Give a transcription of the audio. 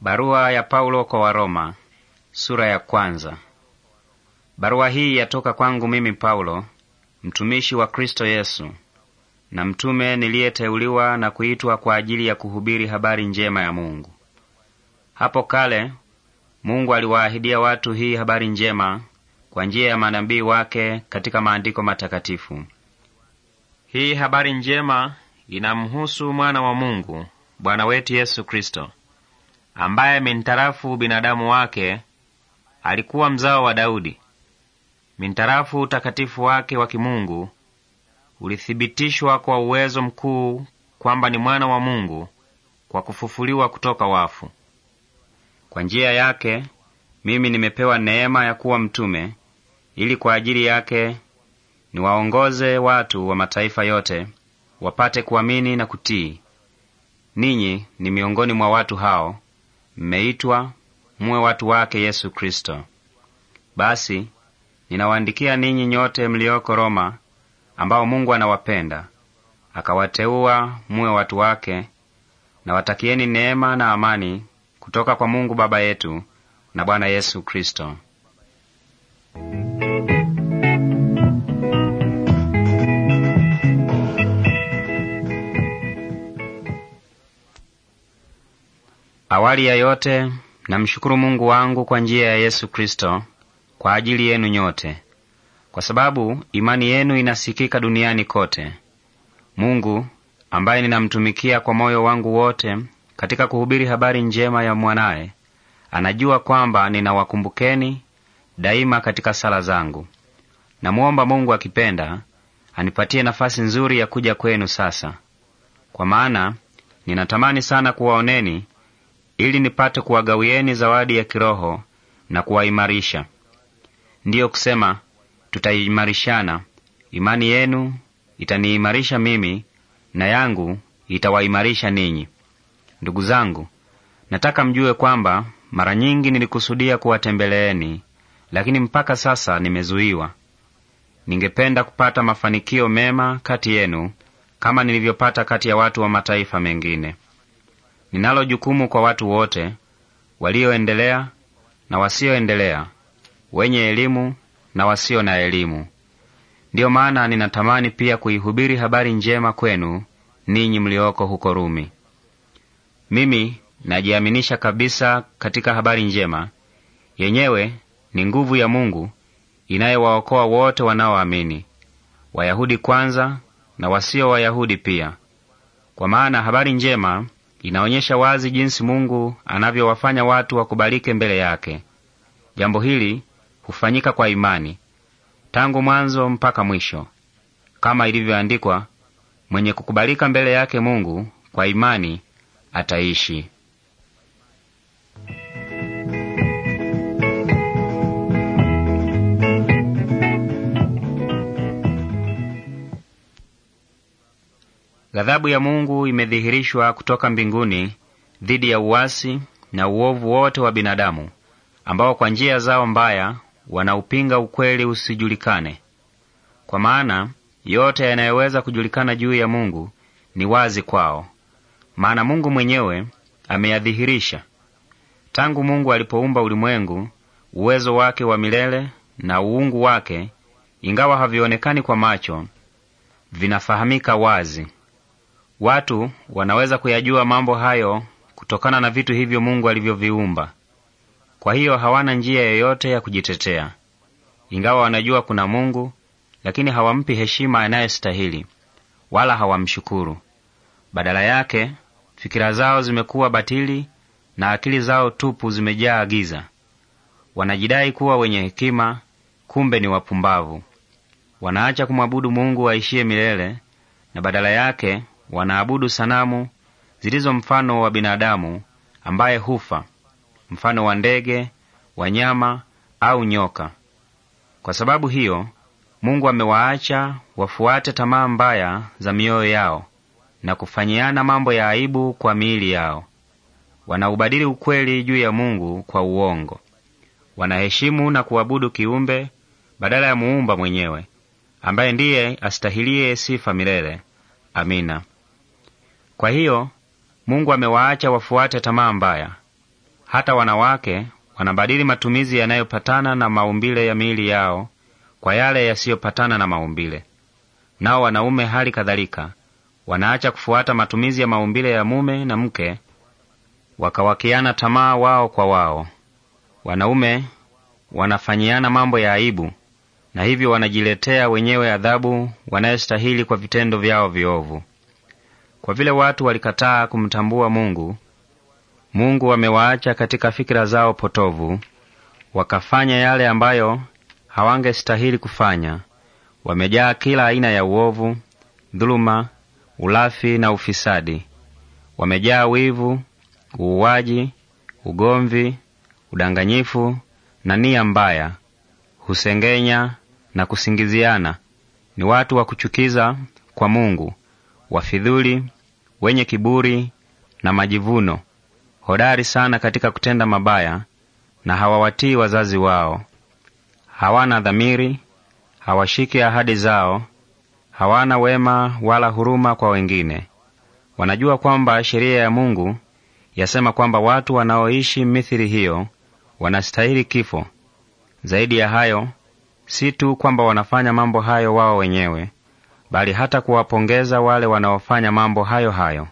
Barua ya Paulo kwa Waroma, sura ya kwanza. Barua hii yatoka kwangu mimi Paulo, mtumishi wa Kristo Yesu, na mtume niliyeteuliwa na kuitwa kwa ajili ya kuhubiri habari njema ya Mungu. Hapo kale Mungu aliwaahidia watu hii habari njema kwa njia ya manabii wake katika maandiko matakatifu. Hii habari njema inamhusu mwana wa Mungu, Bwana wetu Yesu Kristo ambaye mintarafu binadamu wake alikuwa mzao wa Daudi, mintarafu utakatifu wake wa kimungu ulithibitishwa kwa uwezo mkuu kwamba ni mwana wa Mungu kwa kufufuliwa kutoka wafu. Kwa njia yake mimi nimepewa neema ya kuwa mtume, ili kwa ajili yake niwaongoze watu wa mataifa yote wapate kuamini na kutii. Ninyi ni miongoni mwa watu hao, mmeitwa muwe watu wake Yesu Kristo. Basi ninawaandikia ninyi nyote mlioko Roma, ambao Mungu anawapenda akawateua muwe watu wake, na watakieni neema na amani kutoka kwa Mungu Baba yetu na Bwana Yesu Kristo. Awali ya yote namshukuru Mungu wangu kwa njia ya Yesu Kristo kwa ajili yenu nyote, kwa sababu imani yenu inasikika duniani kote. Mungu ambaye ninamtumikia kwa moyo wangu wote katika kuhubiri habari njema ya mwanaye, anajua kwamba ninawakumbukeni daima katika sala zangu. Namwomba Mungu akipenda anipatie nafasi nzuri ya kuja kwenu sasa, kwa maana ninatamani sana kuwaoneni ili nipate kuwagawieni zawadi ya kiroho na kuwaimarisha. Ndiyo kusema tutaimarishana. Imani yenu itaniimarisha mimi na yangu itawaimarisha ninyi. Ndugu zangu, nataka mjue kwamba mara nyingi nilikusudia kuwatembeleeni, lakini mpaka sasa nimezuiwa. Ningependa kupata mafanikio mema kati yenu kama nilivyopata kati ya watu wa mataifa mengine. Ninalo jukumu kwa watu wote walioendelea na wasioendelea, wenye elimu na wasio na elimu. Ndiyo maana ninatamani pia kuihubiri habari njema kwenu ninyi mlioko huko Rumi. Mimi najiaminisha kabisa katika habari njema yenyewe; ni nguvu ya Mungu inayowaokoa wote wanaoamini, Wayahudi kwanza na wasio Wayahudi pia, kwa maana habari njema linaonyesha wazi jinsi Mungu anavyowafanya watu wakubalike mbele yake. Jambo hili hufanyika kwa imani tangu mwanzo mpaka mwisho, kama ilivyoandikwa, mwenye kukubalika mbele yake Mungu kwa imani ataishi. Ghadhabu ya Mungu imedhihirishwa kutoka mbinguni dhidi ya uasi na uovu wote wa binadamu ambao kwa njia zao mbaya wanaupinga ukweli usijulikane. Kwa maana yote yanayoweza kujulikana juu ya Mungu ni wazi kwao, maana Mungu mwenyewe ameyadhihirisha. Tangu Mungu alipoumba ulimwengu, uwezo wake wa milele na uungu wake, ingawa havionekani kwa macho, vinafahamika wazi. Watu wanaweza kuyajua mambo hayo kutokana na vitu hivyo Mungu alivyoviumba. Kwa hiyo hawana njia yoyote ya kujitetea. Ingawa wanajua kuna Mungu, lakini hawampi heshima anayestahili wala hawamshukuru. Badala yake, fikira zao zimekuwa batili na akili zao tupu zimejaa giza. Wanajidai kuwa wenye hekima, kumbe ni wapumbavu. Wanaacha kumwabudu Mungu waishiye milele na badala yake Wanaabudu sanamu zilizo mfano wa binadamu ambaye hufa, mfano wa ndege, wanyama au nyoka. Kwa sababu hiyo Mungu amewaacha wafuate tamaa mbaya za mioyo yao na kufanyiana mambo ya aibu kwa miili yao. Wanaubadili ukweli juu ya Mungu kwa uongo. Wanaheshimu na kuabudu kiumbe badala ya muumba mwenyewe ambaye ndiye astahilie sifa milele. Amina. Kwa hiyo Mungu amewaacha wafuate tamaa mbaya. Hata wanawake wanabadili matumizi yanayopatana na maumbile ya miili yao kwa yale yasiyopatana na maumbile. Nao wanaume hali kadhalika wanaacha kufuata matumizi ya maumbile ya mume na mke, wakawakiana tamaa wao kwa wao. Wanaume wanafanyiana mambo ya aibu, na hivyo wanajiletea wenyewe adhabu wanayostahili kwa vitendo vyao viovu. Kwa vile watu walikataa kumtambua Mungu, Mungu amewaacha katika fikira zao potovu, wakafanya yale ambayo hawangestahili kufanya. Wamejaa kila aina ya uovu, dhuluma, ulafi na ufisadi. Wamejaa wivu, uuaji, ugomvi, udanganyifu na nia mbaya. Husengenya na kusingiziana. Ni watu wa kuchukiza kwa Mungu wafidhuli, wenye kiburi na majivuno, hodari sana katika kutenda mabaya, na hawawatii wazazi wao. Hawana dhamiri, hawashiki ahadi zao, hawana wema wala huruma kwa wengine. Wanajua kwamba sheria ya Mungu yasema kwamba watu wanaoishi mithili hiyo wanastahili kifo. Zaidi ya hayo, si tu kwamba wanafanya mambo hayo wao wenyewe, bali hata kuwapongeza wale wanaofanya mambo hayo hayo.